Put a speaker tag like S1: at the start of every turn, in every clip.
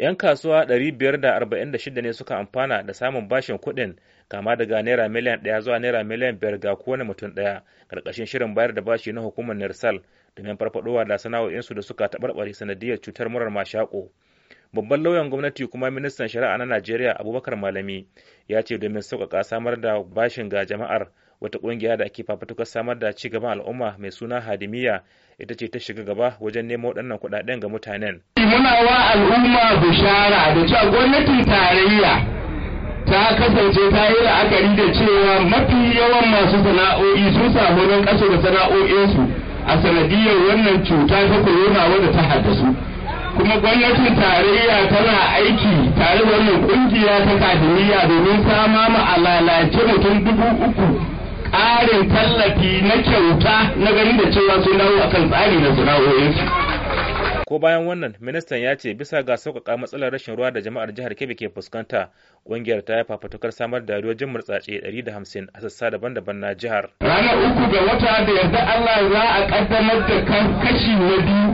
S1: 'Yan kasuwa 546 ne suka amfana da samun bashin kuɗin kama daga naira miliyan ɗaya zuwa naira miliyan biyar ga kowane mutum ɗaya ƙarƙashin shirin bayar da bashi na hukumar nirsal domin farfaɗowa da sana'o'insu da suka taɓarɓare sanadiyar cutar murar mashaƙo. babban lauyan gwamnati kuma ministan shari'a na najeriya abubakar malami ya ce domin sauƙaƙa samar da bashin ga jama'ar wata kungiya da ake fafutukar samar da ci gaban al'umma mai suna hadimiya ita ce ta shiga gaba wajen nemo waɗannan kuɗaɗen ga mutanen.
S2: muna wa al'umma bishara da cewa gwamnatin tarayya ta kasance ta yi la'akari da cewa mafi yawan masu sana'o'i sun samu don ƙasa da sana'o'insu a sanadiyar wannan cuta ta corona wanda ta haddasu kuma gwamnatin tarayya tana aiki tare da wannan kungiya ta kadimiyya domin sama ma alalace mutum dubu uku
S1: tsarin tallafi na kyauta na gani da cewa sun dawo kan tsari na sana'o'insu ko bayan wannan ministan ya ce bisa ga sauƙaƙa matsalar rashin ruwa da jama'ar jihar kebbi ke fuskanta ƙungiyar ta yi fafutukar samar da riyojin murtsace 150 a sassa daban-daban na jihar ranar uku ga wata da yarda allah za a kaddamar da
S2: kashi na biyu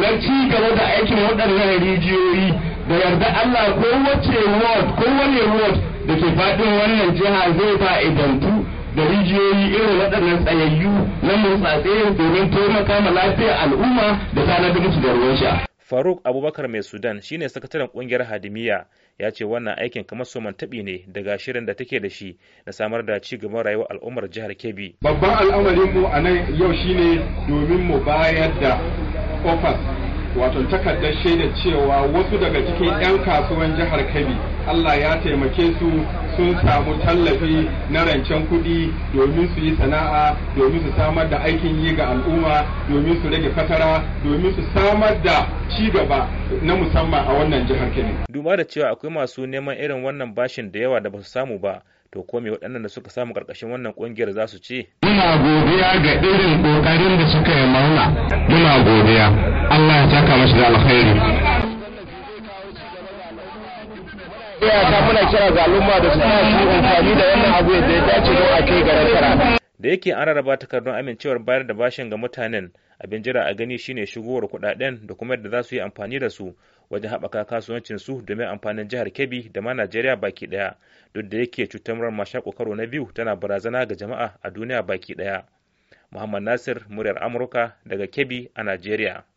S1: na ci gaba da aikin waɗannan rijiyoyi
S2: da yarda allah kowace ward kowane ward da ke faɗin wannan jiha zai fa'idantu da rijiyoyi irin waɗannan tsayayyu na murtsatse domin taimaka ma lafiyar al'umma da da musu da
S1: ruwan sha. Faruk Abubakar mai Sudan shine sakataren kungiyar Hadimiya ya ce wannan aikin kamar soman taɓi ne daga shirin da take da shi na samar da ci gaban rayuwar al'ummar jihar Kebbi.
S2: Babban al'amarin mu a nan yau shine domin mu bayar da ofas wato takardar shaida cewa wasu daga cikin 'yan kasuwan jihar kebbi allah ya taimake su sun samu tallafi na rancen kuɗi domin su yi sana'a domin su samar da aikin yi ga al'umma domin su rage fatara domin su samar da ci gaba na musamman a wannan jihar kebbi
S1: duma da cewa akwai masu neman irin wannan bashin da yawa da ba su samu ba to ko me waɗannan da suka samu ƙarƙashin wannan ƙungiyar za su ce muna godiya ga irin ƙoƙarin da suka yi mauna muna godiya Allah ya taka mashi da alkhairi
S2: kira da su
S1: da yake an rarraba takardun amincewar bayar da bashin ga mutanen abin jira a gani shine shigowar kudaden da kuma yadda za su yi amfani da su wajen haɓaka kasuwancin su domin amfanin jihar Kebbi da ma Najeriya baki ɗaya duk da yake cutar masha karo na biyu tana barazana ga jama'a a duniya baki ɗaya. Muhammad Nasir muryar Amurka daga Kebbi a Najeriya.